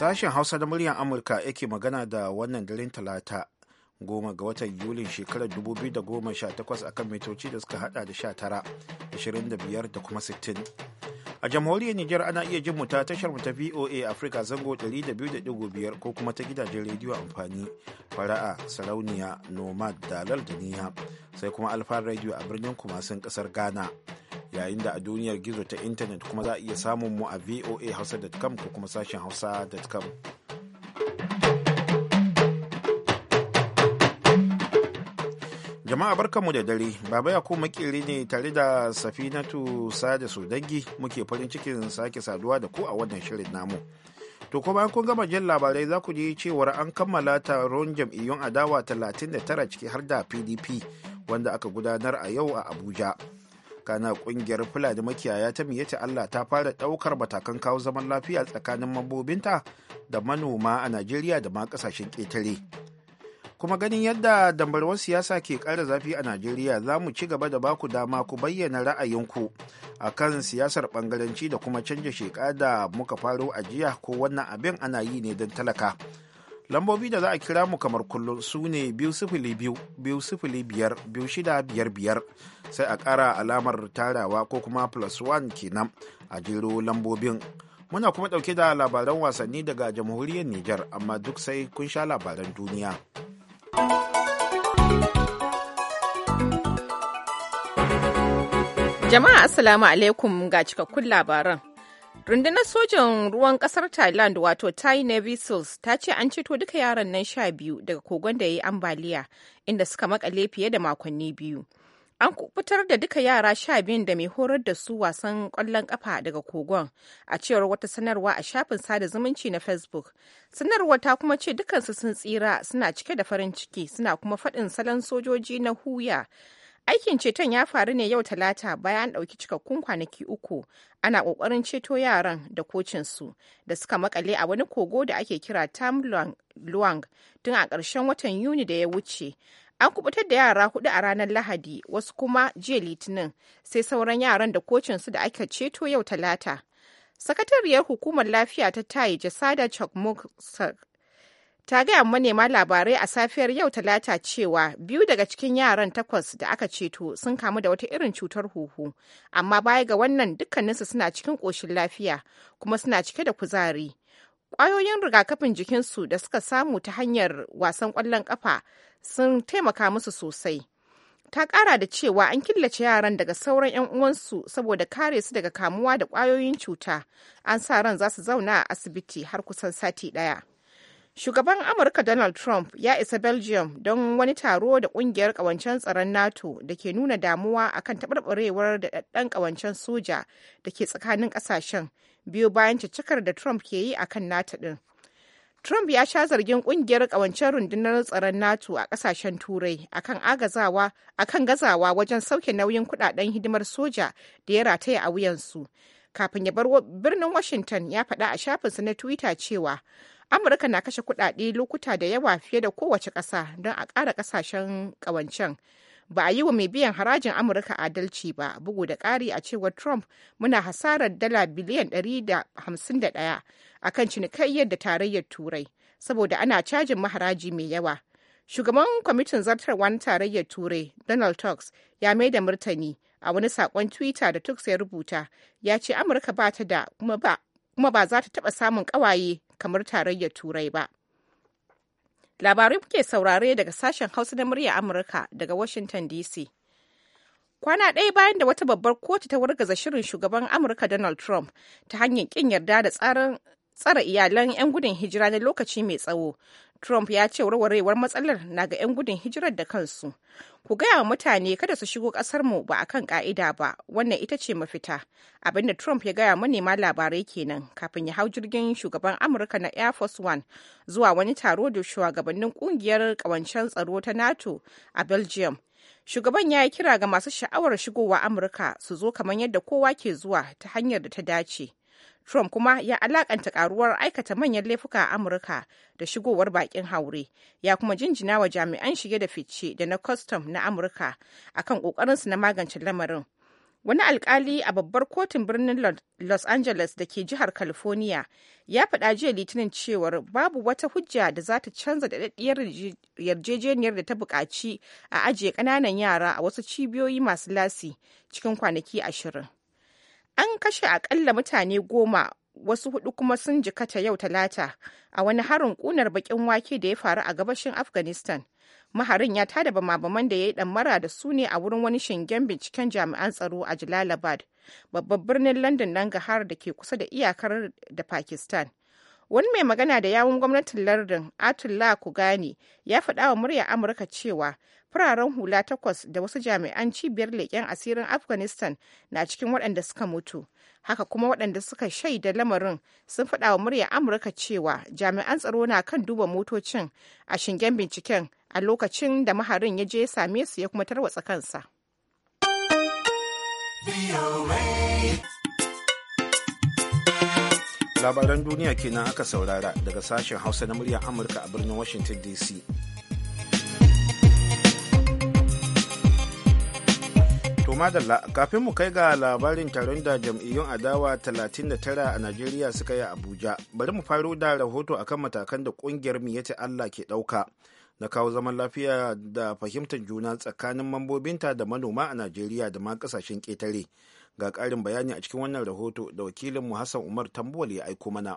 Sashen Hausa da muryar Amurka yake magana da wannan daren talata goma ga watan Yulin shekarar 2018 akan mitoci da suka hada da 19, 25 da kuma 60. a jamhuriyar Nijar ana iya jin mu ta tashar mu ta VOA Africa zango 200.5 ko kuma ta gidajen rediyo amfani fara'a sarauniya nomad dalal da niya sai kuma alfa radio a birnin kumasin kasar Ghana yayin da a duniyar gizo ta intanet kuma za a iya samun mu a voa hausa.com ko kuma sashen hausa.com Jama'a barkanmu da dare, Baba Yakub makeri ne tare da Safinatu Sada su dangi muke farin cikin sake saduwa da ku a wannan shirin namu. To ko bayan kun gama jin labarai za ku ji cewar an kammala taron jam'iyyun adawa 39 ciki har da PDP wanda aka gudanar a yau a Abuja. Kana kungiyar Fulani makiyaya ta ta Allah ta fara daukar matakan kawo zaman lafiya tsakanin mambobinta da manoma a Najeriya da ma kasashen ƙetare. kuma ganin yadda dambarwar siyasa ke ƙara zafi a najeriya za mu ci gaba da baku dama ku bayyana ra'ayinku a kan siyasar ɓangaranci da kuma canja shekara da muka faro a jiya ko wannan abin ana yi ne don talaka lambobi da za a kira mu kamar kullum su ne biyu sifili biyu biyu sifili biyar biyu sai a ƙara alamar tarawa ko kuma plus kenan a jero lambobin muna kuma ɗauke da labaran wasanni daga jamhuriyar niger amma duk sai kun sha labaran duniya. Jama'a Assalamu alaikum ga cikakkun labaran. Rundunar sojan ruwan kasar Thailand wato Thai Navy SEALs ta ce an ceto duka yaran nan sha biyu daga kogon da ya yi ambaliya inda suka makale fiye da makonni biyu. An kubutar da duka yara sha biyun da mai horar da su wasan ƙwallon ƙafa daga kogon, a cewar wata sanarwa a shafin sada zumunci na Facebook. Sanarwar ta kuma ce dukansu sun tsira suna cike da farin ciki suna kuma faɗin salon sojoji na huya. Aikin ceton ya faru ne yau talata bayan an ɗauki cikakkun kwanaki uku ana ƙoƙarin ceto yaran da kocinsu da suka makale a wani kogo da ake kira Tam Luang tun a ƙarshen watan Yuni da ya wuce. An kubutar da yara hudu a ranar Lahadi, wasu kuma jiya Litinin, sai sauran yaran da kocin su da aka ceto yau Talata. Sakatariyar Hukumar Lafiya ta tayi Jasada Chokmok ta gaya manema labarai a safiyar yau talata cewa biyu daga cikin yaran takwas da aka ceto sun kamu da wata irin cutar huhu amma baya ga wannan dukkaninsu suna cikin ƙoshin lafiya kuma suna cike da kuzari kwayoyin rigakafin jikinsu da suka samu ta hanyar wasan ƙwallon ƙafa sun taimaka musu sosai. Ta ƙara da cewa an killace yaran daga sauran 'yan uwansu saboda kare su daga kamuwa da ƙwayoyin cuta. An sa ran za su zauna a asibiti har kusan sati ɗaya. Shugaban Amurka Donald Trump ya isa Belgium don wani taro da kungiyar kawancen tsaron NATO da ke nuna damuwa akan taɓarɓarewar da daɗaɗɗen kawancen soja da ke tsakanin ƙasashen biyu bayan cikar da Trump ke yi akan NATO ɗin. Trump ya sha zargin kungiyar kawancen rundunar tsaron NATO a ƙasashen Turai akan agazawa akan gazawa wajen sauke nauyin kuɗaɗen hidimar soja da ya rataya a wuyansu. Kafin ya bar birnin Washington ya faɗa a shafinsa na Twitter cewa amurka na kashe kudade lokuta da yawa fiye da kowace ƙasa don a ƙara ƙasashen ƙawancen ba a yi wa mai biyan harajin amurka adalci ba bugu da ƙari a cewar trump muna hasarar dala biliyan 151 a kan cinikayyar da tarayyar turai saboda ana cajin maharaji mai yawa shugaban kwamitin zartarwa na tarayyar turai donald tusk ya mai da martani a wani saƙon twitter da tusk ya rubuta ya ce amurka ba ta da kuma ba za ta taɓa samun ƙawaye kamar tarayyar turai ba labarai kuke saurare daga sashen hausa na murya amurka daga washington dc kwana ɗaya bayan da wata babbar kotu ta wargaza shirin shugaban amurka donald trump ta hanyar ƙin yarda da tsarin tsara iyalan 'yan gudun hijira na lokaci mai tsawo. Trump ya ce warwarewar matsalar na ga 'yan gudun hijirar da kansu. Ku gaya wa mutane kada su shigo mu ba a kan ƙa'ida ba, wannan ita ce mafita. Abinda Trump ya gaya manema labarai kenan kafin ya hau jirgin shugaban Amurka na Air Force One zuwa wani taro da shugabannin ƙungiyar ƙawancen tsaro ta NATO a Belgium. Shugaban ya yi kira ga masu sha'awar shigowa Amurka su zo kamar yadda kowa ke zuwa ta hanyar da ta dace. Trump kuma ya alakanta karuwar aikata manyan laifuka a Amurka da shigowar bakin haure, ya kuma jinjina wa jami'an shige da fice da na kwastam na Amurka akan kokarinsu na magance lamarin. Wani alkali a babbar kotun birnin Los Angeles da ke jihar California ya faɗa jiya litinin cewar babu wata hujja da za ta canza daɗaɗɗiyar yarjejeniyar da ta buƙaci a ajiye ƙananan yara a wasu cibiyoyi masu lasi cikin kwanaki ashirin. An kashe akalla mutane goma wasu hudu kuma sun jikata yau talata a wani harin kunar bakin wake da ya faru a gabashin Afghanistan. Maharin ya tada bamabaman da ya yi ɗamara da su ne a wurin wani shingen binciken jami'an tsaro a Jalalabad, babban birnin London nan gahar da ke kusa da iyakar da Pakistan. wani mai magana da yawun gwamnatin lardin atullah kugani ya faɗawa wa murya amurka cewa fararen hula takwas da wasu jami'an cibiyar leƙen asirin afghanistan na cikin waɗanda suka mutu haka kuma waɗanda suka shaida lamarin sun faɗa wa murya amurka cewa jami'an tsaro na kan duba motocin a shingen binciken a lokacin da maharin ya je same su ya kuma tarwatsa kansa labaran duniya kenan aka saurara daga sashen hausa na murya amurka a birnin washington dc madalla kafin mu kai ga labarin taron da jam'iyyun adawa 39 a Najeriya suka yi Abuja, bari mu faro da rahoto akan matakan da kungiyar Miyace Allah ke ɗauka na kawo zaman lafiya da fahimtar juna tsakanin mambobinta da manoma a Najeriya da ma kasashen ketare Ga ƙarin bayani a cikin wannan rahoto da wakilin mu Hassan Umar Tambuwal ya aiko mana.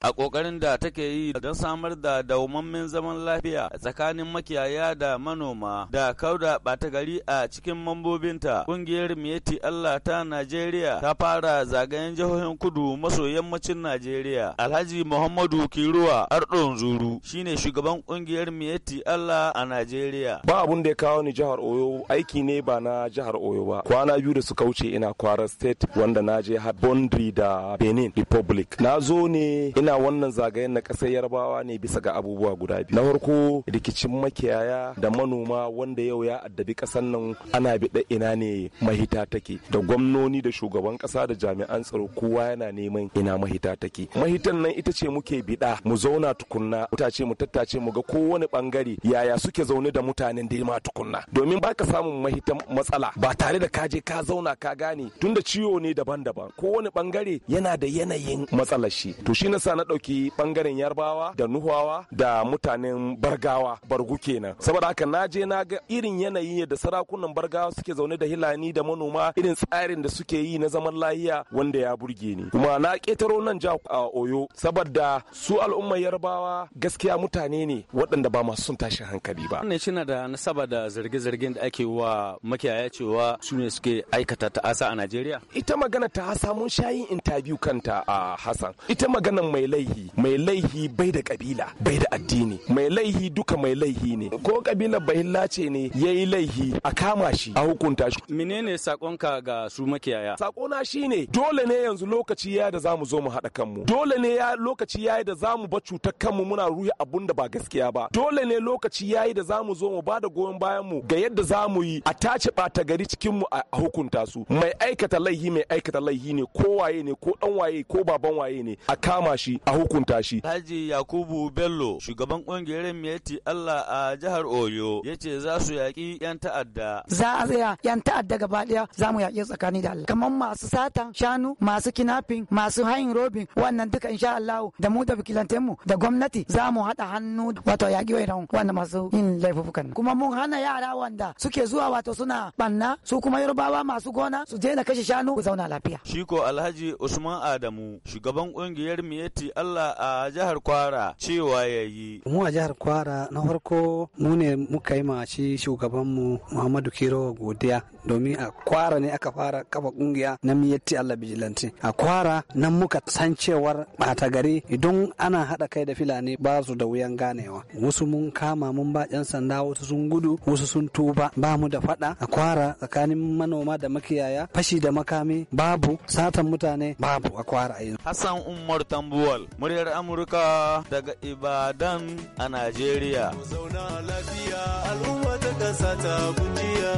a ƙoƙarin da take yi don samar da dawamammin zaman lafiya tsakanin makiyaya da manoma da kauda ɓata gari a cikin mambobinta ƙungiyar miyeti Allah ta Najeriya ta fara zagayen jihohin kudu maso yammacin Najeriya Alhaji Muhammadu Kiruwa Ardon Zuru shine shugaban ƙungiyar miyeti Allah a Najeriya ba abun da ya kawo ni jihar Oyo aiki ne ba na jihar Oyo ba kwana biyu da suka wuce ina Kwara state wanda na je har Bondri da Benin Republic na zo ne ina wannan zagayen na ƙasar yarbawa ne bisa ga abubuwa guda biyu na farko rikicin makiyaya da manoma wanda yau ya addabi ƙasar nan ana biɗa ina ne mahita take da gwamnoni da shugaban ƙasa da jami'an tsaro kowa yana neman ina mahita take mahitan nan ita ce muke biɗa mu zauna tukunna mutace mu tattace mu ga kowane bangare yaya suke zaune da mutanen da tukunna domin baka samun mahitan matsala ba tare da kaje ka zauna ka gane tunda ciwo ne daban-daban kowane bangare yana da yanayin matsalar shi to shi na na ɗauki ɓangaren yarbawa da nuhawa da mutanen bargawa bargu kenan saboda haka na je na ga irin yanayi da sarakunan bargawa suke zaune da hilani da manoma irin tsarin da suke yi na zaman lahiya wanda ya burge ni kuma na ƙetaro nan ja a oyo saboda su al'ummar yarbawa gaskiya mutane ne waɗanda ba masu son tashin hankali ba wannan shi da nasaba da zarge-zargen da ake wa makiyaya cewa su ne suke aikata ta'asa a najeriya ita magana ta hasa mun sha yin intabiyu kanta a hassan ita magana mai mai laihi mai laihi bai da kabila bai da addini mai laihi duka mai laihi ne ko kabila bahilla ce ne ya yi laihi a kama shi a hukunta shi menene sakonka ga su makiyaya sakona shine dole ne yanzu lokaci ya da zamu zo mu haɗa kanmu dole ne ya lokaci ya da zamu ba cutar kanmu muna ruya abun da ba gaskiya ba dole ne lokaci yayi da zamu zo mu bada goyon bayan mu ga yadda zamu yi a tace bata gari cikin mu a hukunta su mai aikata laihi mai aikata laihi ne ko waye ne ko dan waye ko baban waye ne a kama shi a hukunta shi. Haji Yakubu Bello shugaban kungiyar Miyati Allah a jihar Oyo ya ce za su yaƙi 'yan ta'adda. Za a tsaya 'yan ta'adda gaba ɗaya za mu yaƙi tsakani da Allah. Kamar masu satan shanu masu kinafin masu hayin robin wannan duka insha Allah da mu da bikilanten mu da gwamnati za mu haɗa hannu wato yaƙi wa Wannan masu yin laifukan. Kuma mun hana yara wanda suke zuwa wato suna banna su kuma yarbawa masu gona su je na kashe shanu ku zauna lafiya. Shiko Alhaji Usman Adamu shugaban kungiyar Miyati Ubangiji Allah a jihar Kwara cewa ya yi. Mu a jihar Kwara na farko mu ne muka yi mashi shugabanmu Muhammadu Kiro godiya domin a Kwara ne aka fara kafa kungiya na miyatti Allah bijilanti. A Kwara nan muka san cewar bata gari idan ana haɗa kai da filani ba su da wuyan ganewa. Wasu mun kama mun ba 'yan sanda wasu sun gudu wasu sun tuba ba mu da faɗa a Kwara tsakanin manoma da makiyaya fashi da makami babu satan mutane babu a Kwara a yanzu. Hassan Umar Tambuwa Muryar Amurka daga Ibadan a Najeriya. zauna lafiya al'umma ta ƙasa ta kujiya.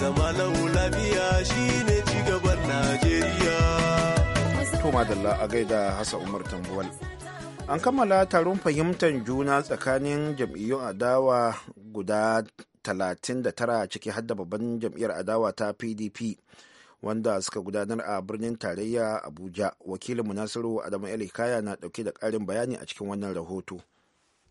Zama lafiya shine cigaban Najeriya. To madalla a gaida hasa Umar Tambuwal. An kammala taron fahimtar juna tsakanin jam'iyyun adawa guda talatin da a ciki da babban jam'iyyar adawa ta PDP. wanda suka gudanar a birnin tarayya abuja wakilinmu nasiru adamu elikaya na dauke da karin bayani a cikin wannan rahoto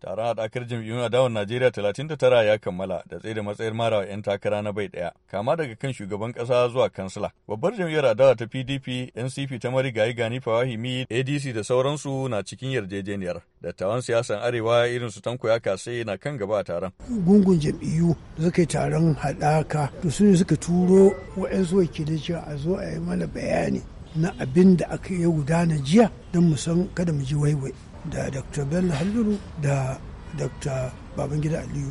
Taron haɗakar jam'iyyun adawar Najeriya 39 ya kammala da tsaye da matsayar wa 'yan takara na bai ɗaya, kama daga kan shugaban ƙasa zuwa kansila. Babbar jam'iyyar adawa ta PDP, NCP ta marigayi Gani Fawahimi, ADC da sauransu na cikin yarjejeniyar. Dattawan siyasan Arewa irin su Tanko ya kase na kan gaba a taron. Gungun jam'iyyu da suka yi taron haɗaka, to su ne suka turo wa'yansu wakilai cewa a zo a yi mana bayani na abin da aka yi gudana jiya don mu san kada mu ji waiwai. da dr bello halliru da dr babangida aliyu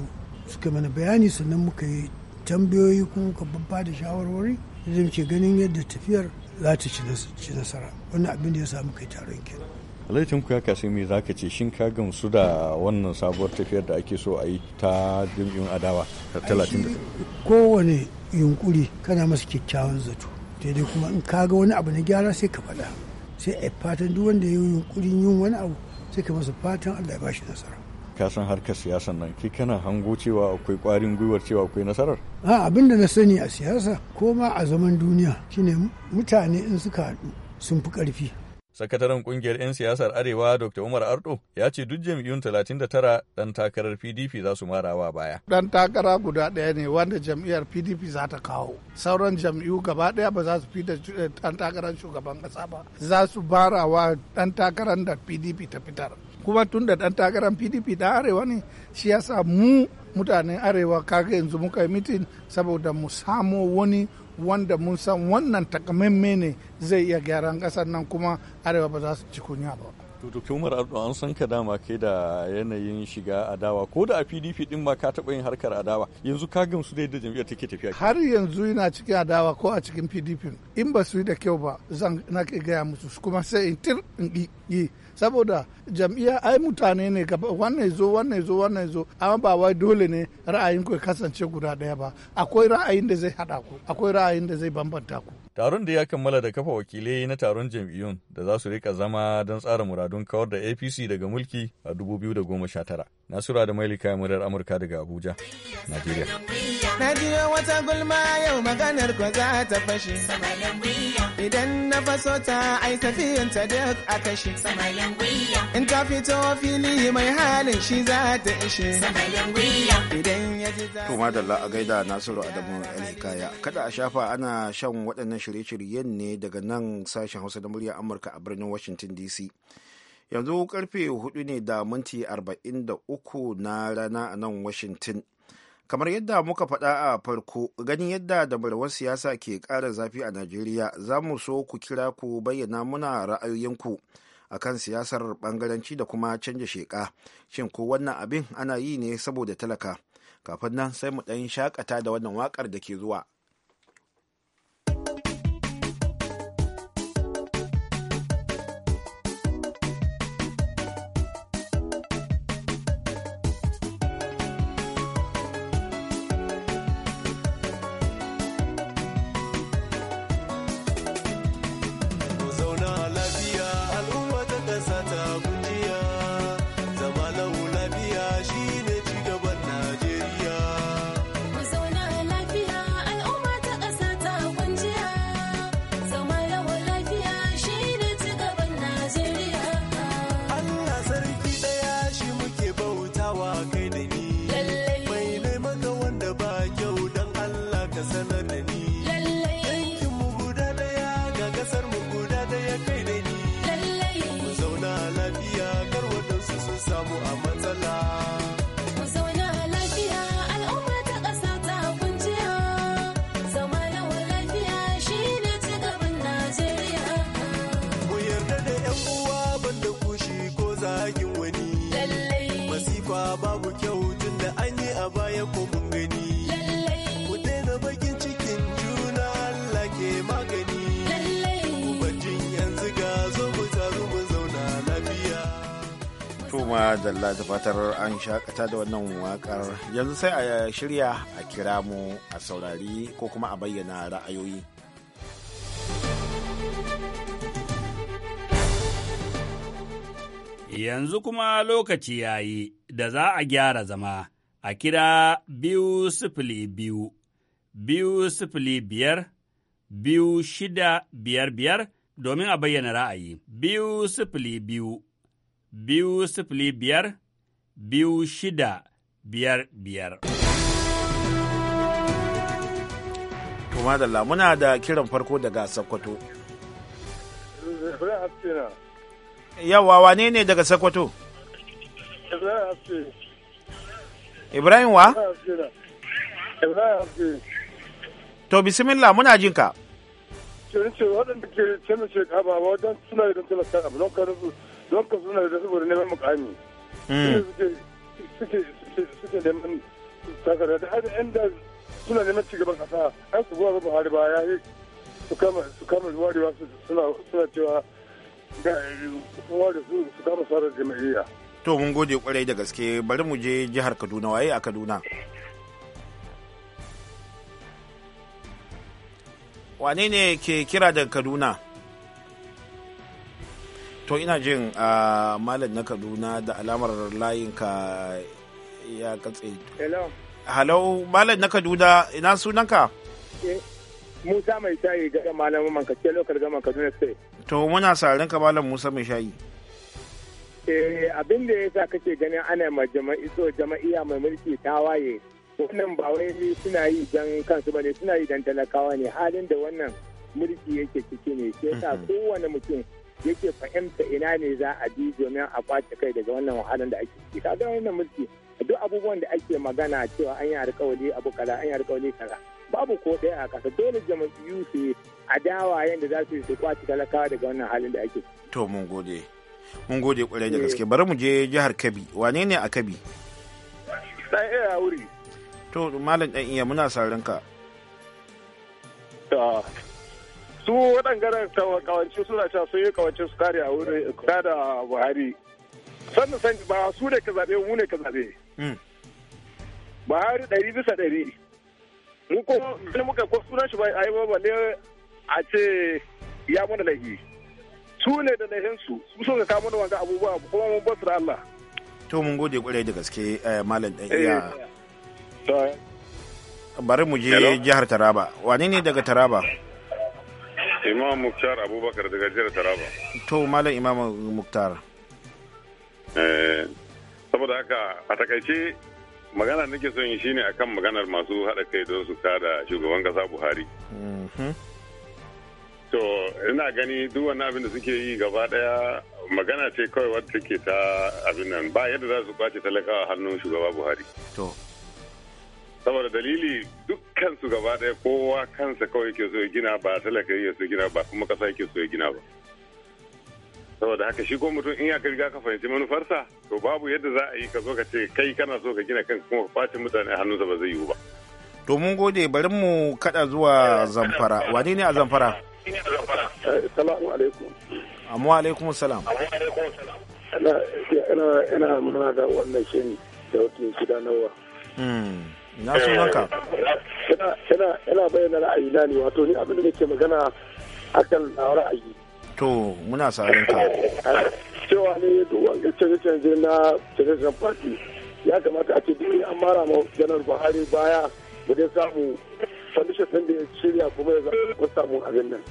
suka mana bayani sannan muka yi tambayoyi kuma muka babba da shawarwari da muke ganin yadda tafiyar za ta ci nasara wannan abin da ya samu kai taron ke alaitin ku ya kasu me za ka ce shin ka gamsu da wannan sabuwar tafiyar da ake so a yi ta jam'iyyun adawa ta talatin da kowane yunkuri kana masa kyakkyawan zato daidai kuma in ka ga wani abu na gyara sai ka faɗa sai a fatan duk wanda ya yi yunkurin yin wani abu sai ka masa fatan Allah ya ba shi nasara ka san harkar siyasan nan ki kana hango cewa akwai kwarin gwiwar cewa akwai nasarar a abin da na sani a siyasa ko ma a zaman duniya shine mutane in suka haɗu sun fi ƙarfi Sakataren kungiyar 'yan siyasar Arewa Dr. Umar Ardo ya ce duk jam'iyyun 39 ɗan takarar PDP za su marawa baya. Ɗan takara guda ɗaya ne wanda jam'iyyar PDP za ta kawo. Sauran jam'iyyu gaba ɗaya ba za su fi da eh, ɗan takarar shugaban ƙasa ba. Za su barawa ɗan takarar da PDP ta fitar. Kuma tun da ɗan takarar PDP ɗan Arewa ne shi yasa mu mutanen Arewa kaga yanzu muka yi mitin saboda mu samo wani wanda mun san wannan takamamme ne zai iya gyaran ƙasar nan kuma arewa ba za su ci kunya ba to umar ardo an san ka dama kai da yanayin shiga adawa ko da a pdp din ma ka taɓa yin harkar adawa yanzu ka gamsu da yadda jam'iyyar take tafiya har yanzu ina cikin adawa ko a cikin pdp in ba su yi da kyau ba zan na gaya musu kuma sai in tir in yi saboda jam'iyya ai mutane ne gaba wannan zo wannan zo wannan zo amma ba wai dole ne ra'ayin ku kasance guda ɗaya ba akwai ra'ayin da zai haɗa ku akwai ra'ayin da zai bambanta ku Taron da ya kammala da kafa wakilai na taron jam'iyyun da za su rika zama don tsara muradun kawar da APC daga mulki a 2019. Nasura da Mailika murar Amurka daga Abuja, Najeriya. Na wata gulma yau maganar ko za ta fashe. Idan na faso ta ai ta duk a kashe. In ta fito fili mai halin shi za ta ishe. Idan ya ji za. a gaida Nasiru Adamu Alhikaya. Kada a shafa ana shan waɗannan shirye-shiryen ne daga nan sashen hausa da murya amurka a birnin washington dc yanzu karfe hudu ne da minti 43 na rana a nan washington kamar yadda muka faɗa a farko ganin yadda dabarwar siyasa ke ƙara zafi a najeriya za mu so ku kira ku bayyana muna ra'ayoyinku a kan siyasar ɓangaranci da kuma canja sheƙa shin ko wannan abin ana yi ne saboda talaka kafin nan sai mu ɗan shakata da wannan wakar da ke zuwa madalla da fatar an shakata da wannan wakar yanzu sai a shirya a kira mu a saurari ko kuma a bayyana ra'ayoyi yanzu kuma lokaci ya yi da za a gyara zama a kira biyu sifili biyu biyu sifili biyar biyu shida biyar biyar domin a bayyana ra'ayi biyu sifili biyu biyu sifili biyar biyu shida biyar biyar. Tumadalla muna da kiran farko daga Sokoto. Yawa wane ne daga Sokoto? Ibrahim wa? To bismillah muna jinka. Cirin ce waɗanda ke cemishe ka ba wajen suna idan talaka abu don karin don ka suna da saboda neman mukami hmm. suke neman takara da har yan da suna neman cigaban kasa an su gowa buhari ba ya yi su kama warewa suna cewa ware su su kama sarar jama'iyya to mun gode kwarai da gaske bari mu je jihar kaduna waye a kaduna wane ne ke kira daga kaduna to ina jin a malam na kaduna da alamar layinka ya katse hello hello malam na kaduna ina sunanka eh, musa mai shayi ga malam ka ke lokar gama kaduna sai to muna sarin ka malam musa mai shayi eh abin da yasa kake ganin ana ma jama'i so jama'iya mai mulki ta waye wannan ba wai suna yi dan kansu bane suna yi dan talakawa ne halin da wannan mulki yake ciki ne sai yasa mm-hmm. kowane mutum yake fahimta ina ne za a bi domin a kwace kai daga wannan wahalar da ake ciki kaga wannan mulki duk abubuwan da ake magana cewa an yi alkawali abu kaza an yi alkawali kaza babu ko ɗaya a ƙasa dole jama'iyyu su adawa yadda za su yi su kwace talakawa daga wannan halin da ake to mun gode mun gode kwarai da gaske bari mu je jihar kabi wane ne a kabi dan iya wuri to malam dan iya muna sarin ka su waɗangaren kawanci suna cewa sun yi kawanci su kare a wurin da buhari sannan san ba su ne ka zaɓe mu ne ka zaɓe mm. buhari ɗari bisa ɗari mu ko ne muka ko sunan shi ba a yi ba balle a ce ya mana laifi su ne da laifin su su sun ka mana wanda abubuwa kuma mun basu da Allah to mun gode kwarai da gaske eh, malam dan iya eh. bari mu je jihar Taraba wani ne daga Taraba Imam Muktar Abubakar daga jihar Taraba. To Malam Imam Muktar. Eh, saboda haka a takaice magana nake son yi shine akan maganar masu haɗa kai don su kada shugaban kasa Buhari. Mhm. To ina gani duk wani abin da suke yi gaba ɗaya magana ce kawai wadda take ta abin nan ba yadda za su kwace talakawa hannun shugaba Buhari. To. saboda dalili dukkan su gaba daya kowa kansa kawai yake so ya gina ba talaka yake so gina ba kuma kasa yake so ya gina ba saboda haka shi ko mutum in ya ka riga ka fahimci manufarsa to babu yadda za a yi ka zo ka ce kai kana so ka gina kan kuma kwace mutane hannunsa ba zai yiwu ba to mun gode bari mu kada zuwa zamfara wani ne a zamfara salamu alaikum amma alaikum salam ina ina muna da wannan shi da shida nawa hmm. na so haka yana bayyana ra'ayina ne wato ni abin da nake magana akan ra'ayi to muna sarin ka eh, cewa ne duk wanda canje-canje na canje-canje party ya kamata a ce duk an mara ma janar buhari baya da dai samu sandishin ɗin da ya shirya kuma ya zama samu abin nan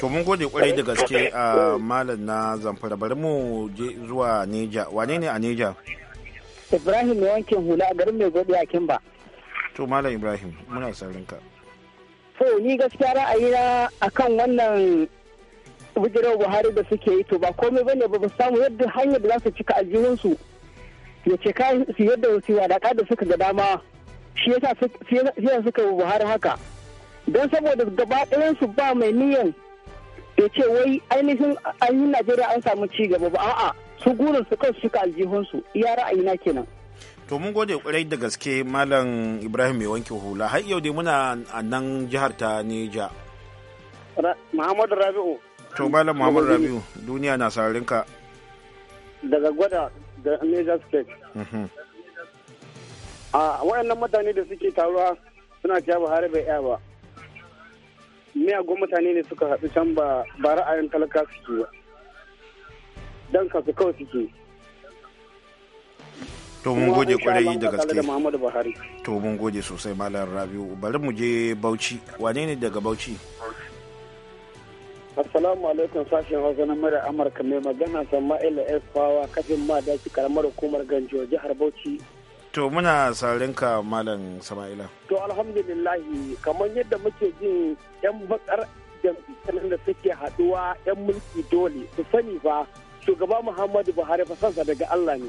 to mun gode kwarai da gaske a ah, malam na zamfara bari mu je zuwa neja wane ne a neja Ibrahim ya wanke hula a garin mai godiya kin ba. To Malam Ibrahim muna saurin ka. To ni gaskiya ra'ayina akan wannan bujirar Buhari da suke yi to ba komai bane ba ba samu yadda hanyar da za su cika aljihunsu ya ce ka su yadda su ka da suka ga dama shi yasa suka yi Buhari haka. Don saboda gaba ɗayan su ba mai niyan ya ce wai ainihin an Najeriya an samu ci gaba ba a'a. su gudun su kan shiga aljihunsu iya ra'ayina kenan to mun gode kwarai da gaske malam ibrahim mai wanke hula har yau dai muna a nan jihar ta neja muhammadu rabi'u to malam muhammadu rabi'u duniya na sararin ka daga gwada da neja state mhm. a wayannan mutane da suke taruwa suna cewa buhari bai iya ba miyagun mutane ne suka haɗu can ba ra'ayin talaka suke ba don kasu kawai suke to mun goje kwarai da gaske to mun goje sosai malam rabiu bari mu je bauchi wane ne daga bauchi assalamu alaikum sashen hausa na mara amurka mai magana sama'ila s fawa kafin ma da karamar hukumar ganjo jihar bauchi to muna saurin ka malam sama'ila to alhamdulillah kamar yadda muke jin yan bakar jam'iyyar da suke haduwa yan mulki dole su sani ba shugaba muhammadu buhari fa sansa daga allah ne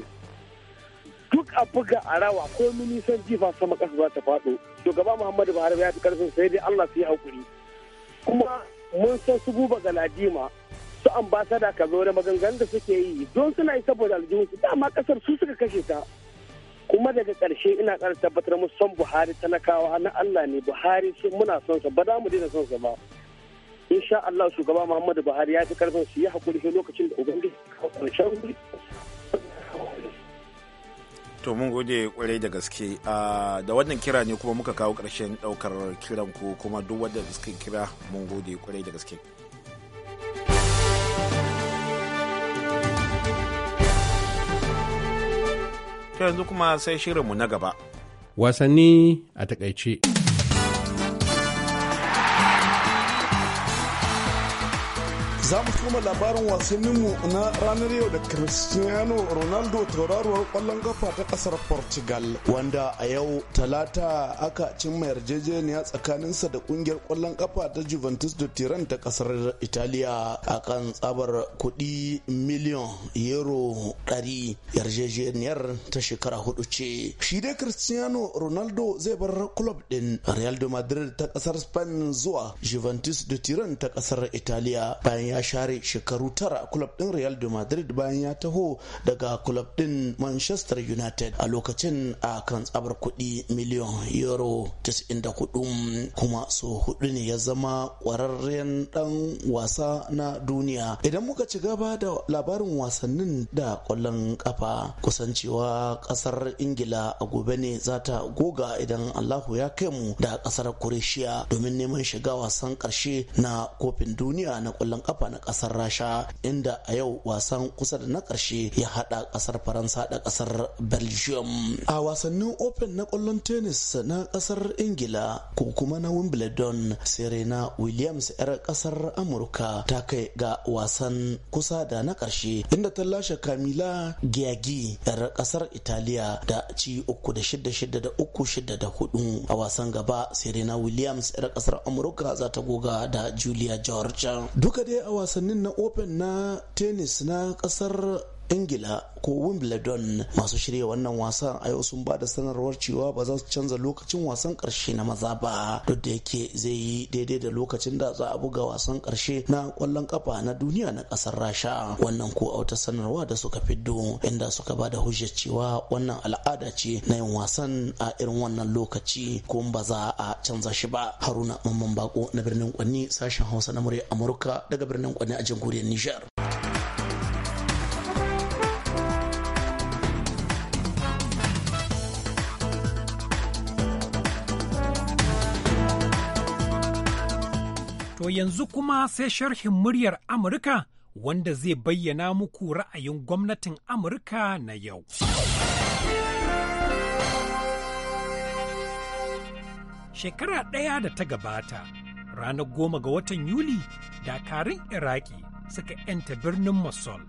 duk a buga a rawa ko san jifa sama ƙasa za ta faɗo shugaba muhammadu buhari ya fi karfin sai dai allah su yi haƙuri kuma mun san su buba galadima su ambasada ka zo da maganganun da suke yi don suna yi saboda aljihunsu dama kasar su suka kashe ta kuma daga ƙarshe ina ƙara tabbatar mu son buhari talakawa na allah ne buhari sun muna son sa ba za mu daina son sa ba in sha Allah shugaba Muhammadu Buhari ya fi karfin su yi hakuri sai lokacin da ubangiji To mun gode kwarai da gaske ah, da wannan kira ne kuma muka kawo karshen ɗaukar kiran ku kuma duk wanda suka kira mun gode kwarai da gaske. To yanzu kuma sai shirinmu na gaba. Wasanni a takaice. za mu kuma labarin wasanninmu na ranar yau da cristiano ronaldo tauraruwar kwallon kafa ta kasar portugal wanda a yau talata aka cimma yarjejeniya tsakaninsa da kungiyar kwallon kafa ta juventus da tiran ta kasar italiya a kan tsabar kudi miliyon euro 100 yarjejeniyar ta shekara hudu ce shi dai cristiano ronaldo zai bar club din real madrid ta kasar spain zuwa juventus da tiran ta kasar italiya bayan ya share shekaru tara a club din Real de Madrid bayan ya taho daga club ɗin Manchester United a lokacin a kan tsabar kuɗi miliyon euro 94 kuma so hudu ne ya zama ƙwararren ɗan wasa na duniya idan muka ci gaba da labarin wasannin da kwallon kafa kusancewa ƙasar ingila a gobe ne za ta goga idan allahu ya kai mu da ƙasar Croatia domin neman shiga wasan ƙarshe na kofin duniya na ƙwallon ƙafa. na kasar rasha inda a yau wasan kusa da na karshe ya hada kasar faransa da kasar belgium a wasannin open na kwallon tennis na kasar ingila ko kuma na wimbledon serena williams 'yar kasar amurka ta kai ga wasan kusa da na karshe inda ta lashe kamila giagi 'yar kasar italiya da ci uku da shida shida da uku shida da hudu a wasan gaba serena williams 'yar kasar amurka za ta goga da julia george duka dai a wasannin na open na tennis na kasar ingila ko wimbledon masu shirya wannan wasan a yau sun ba da sanarwar cewa ba za su canza lokacin wasan karshe na maza ba duk da yake zai yi daidai da lokacin da za a buga wasan karshe na kwallon kafa na duniya na kasar rasha wannan ko a wata sanarwa da suka fiddo inda suka ba da hujjar cewa wannan al'ada ce na yin wasan a irin wannan lokaci ko ba za a canza shi ba haruna mamman bako na birnin kwanni sashen hausa na murya amurka daga birnin kwanni a jamhuriyar nijar To yanzu kuma sai sharhin muryar Amurka wanda zai bayyana muku ra'ayin gwamnatin Amurka na yau. Shekara ɗaya da ta gabata, ranar goma ga watan Yuli, dakarun Iraki suka 'yanta birnin Mosul,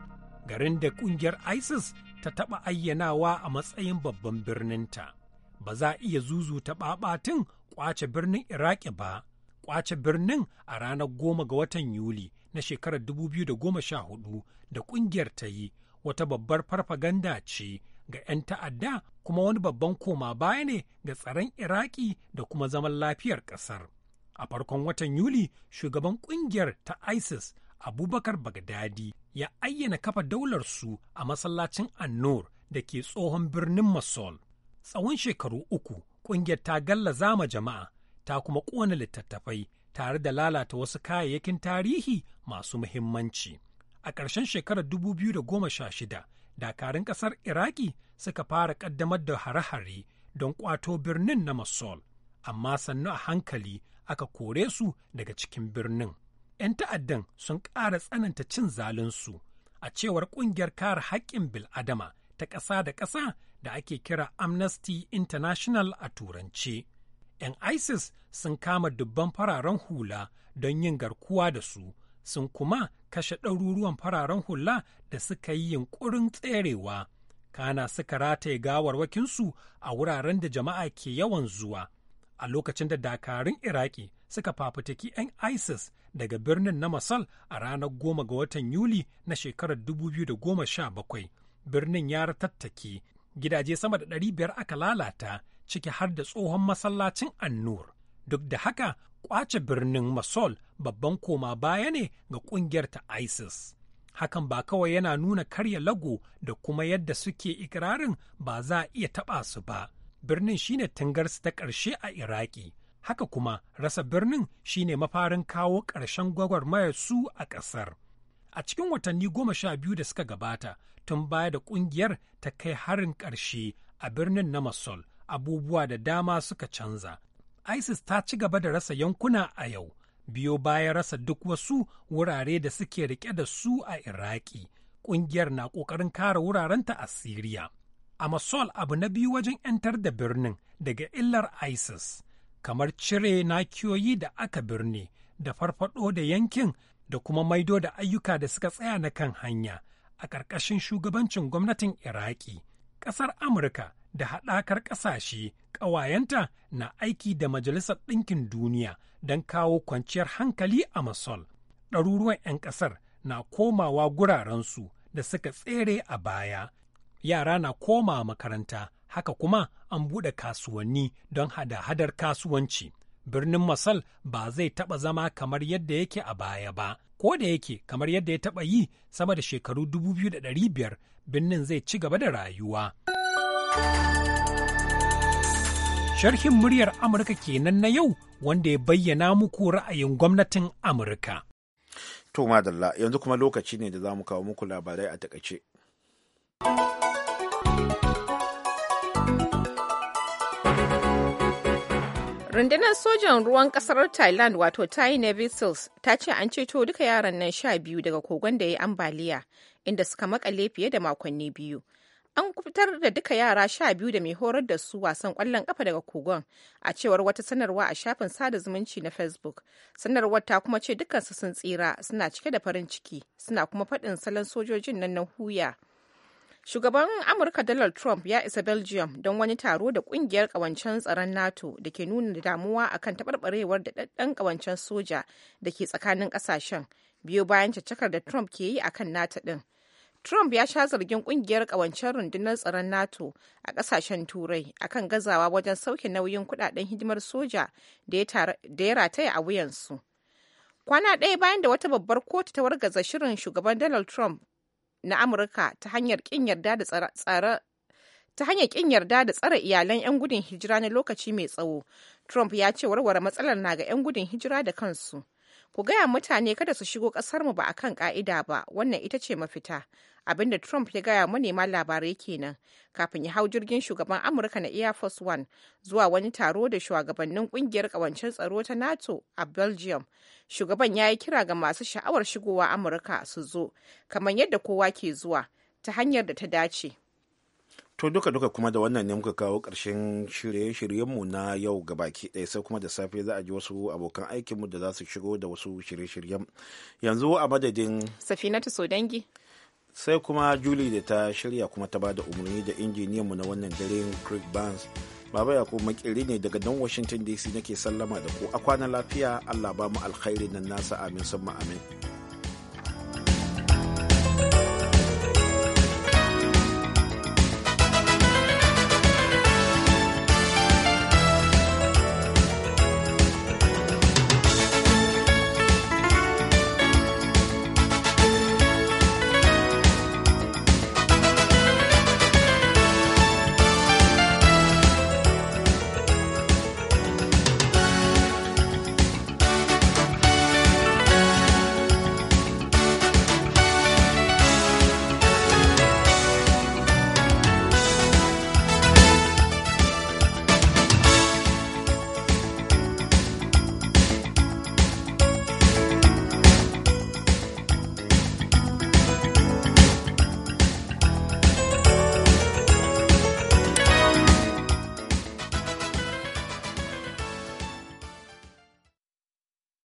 garin da ƙungiyar ISIS ta taɓa ayyanawa a matsayin babban birninta. Ba za a iya ta ɓaɓatin ƙwace birnin Iraki ba. kwace birnin a ranar goma ga watan Yuli na shekarar 2014 da kungiyar ta yi wata babbar farfaganda ce ga 'yan ta'adda kuma wani babban koma baya ne ga tsaron Iraki da kuma zaman lafiyar ƙasar. A farkon watan Yuli, shugaban kungiyar ta ISIS Abubakar Bagdadi ya ayyana kafa daular su a masallacin Annur da ke tsohon birnin Masol. Tsawon shekaru uku, kungiyar ta gallaza ma jama'a ta kuma ƙona littattafai tare da lalata wasu kayayyakin tarihi masu muhimmanci. A ƙarshen shekarar 2016, dakarun ƙasar Iraki suka fara ƙaddamar da hare-hare don ƙwato birnin na Mosul, amma sannu a hankali aka kore su daga cikin birnin. 'Yan ta'addan sun ƙara tsananta cin zalinsu a cewar ƙungiyar kare haƙƙin bil'adama ta ƙasa da ƙasa da ake kira Amnesty International a Turance. 'yan isis sun kama dubban fararen hula don yin garkuwa da su sun kuma kashe ɗaruruwan fararen hula da suka yi yunkurin tserewa kana suka rataye gawarwakinsu a wuraren da jama'a ke yawan zuwa a lokacin da dakarun iraki suka fafutuki 'yan isis daga birnin na masal a ranar goma ga watan yuli na shekarar 2017 birnin ya ratattake, gidaje sama da 500 aka lalata ciki har da tsohon masallacin annur duk da haka kwace birnin masol babban koma baya ne ga kungiyar ta isis hakan ba kawai yana nuna karya lago da kuma yadda suke ikirarin ba za a iya taɓa su ba birnin shine tangarsu ta ƙarshe a iraki haka kuma rasa birnin shine mafarin kawo ƙarshen gwagwarmayar su a ƙasar a cikin watanni goma sha biyu da suka gabata tun baya da ƙungiyar ta kai harin ƙarshe a birnin na masol abubuwa da dama suka canza. ISIS ta ci gaba da rasa yankuna a yau, biyo bayan rasa duk wasu wurare da suke rike da su a Iraki. Ƙungiyar na ƙoƙarin kare wurarenta a Siriya. A Masol abu na biyu wajen 'yantar da birnin daga illar ISIS, kamar cire nakiyoyi da aka birni da farfado da yankin da kuma maido da ayyuka da suka tsaya na kan hanya a ƙarƙashin shugabancin gwamnatin Iraki. Ƙasar Amurka da haɗakar ƙasashe ƙawayenta na aiki da Majalisar Ɗinkin Duniya don kawo kwanciyar hankali a Masol. Ɗaruruwan 'yan ƙasar na komawa gurarensu da suka tsere a baya. Yara na koma makaranta, haka kuma an buɗe kasuwanni don hada-hadar kasuwanci. Birnin Masal ba zai taɓa zama kamar yadda yake a baya ba. ko da yake kamar yadda ya taɓa yi sama da shekaru biyar, birnin zai ci gaba da rayuwa. Sharhin muryar Amurka kenan na yau wanda ya bayyana muku ra'ayin gwamnatin Amurka. To madalla yanzu kuma lokaci ne da za mu kawo muku labarai a takaice. Rundunar sojan ruwan kasar Thailand wato Thai Navy Seals ta ce an ceto duka yaran nan sha biyu daga kogon da ya ambaliya inda suka makale fiye da makonni biyu. An kubutar da duka yara sha biyu da mai horar da su wasan kwallon kafa daga kogon a cewar wata sanarwa a shafin sada zumunci na Facebook. Sanarwar ta kuma ce dukansu sun tsira suna cike da farin ciki suna kuma faɗin salon sojojin nan na huya. Shugaban Amurka Donald Trump ya isa Belgium don wani taro da kungiyar kawancen tsaron NATO da ke nuna damuwa akan taɓarɓarewar da ɗaɗɗan kawancen soja da ke tsakanin ƙasashen biyo bayan caccakar da Trump ke yi akan NATO ɗin. Trump ya sha zargin kungiyar kawancen rundunar tsaron NATO a kasashen Turai akan gazawa wajen sauke nauyin kudaden hidimar soja da ya rataya a wuyansu. Kwana ɗaya bayan da wata babbar kotu ta wargaza shirin shugaban Donald Trump na Amurka ta hanyar ƙin yarda da tsare iyalan 'yan gudun hijira na lokaci mai tsawo. Trump ya ce warware matsalar na ga 'yan gudun hijira da kansu. ku gaya mutane kada su shigo ƙasarmu ba a kan ƙa'ida ba wannan ita ce mafita abinda trump ya gaya manema labarai kenan kafin ya hau jirgin shugaban amurka na air force one zuwa wani taro da shugabannin kungiyar ƙawancen tsaro ta nato a belgium shugaban ya yi kira ga masu sha'awar shigowa amurka su zo kamar yadda kowa ke zuwa ta hanyar da ta dace To duka-duka kuma da wannan ne muka kawo ƙarshen shirye-shiryenmu na yau ga baki ɗaya sai kuma da safe za a ji wasu abokan aikinmu da za su shigo da wasu shirye-shiryen. Yanzu a madadin... Safinatu Sodangi. Sai kuma juli da ta shirya kuma ta bada umarni da injiniyanmu na wannan dare Craig Barnes. Baba ya kuma makiri ne daga nan Washington DC nake sallama da ku a kwana lafiya Allah ba mu alkhairi nan nasa amin mu amin.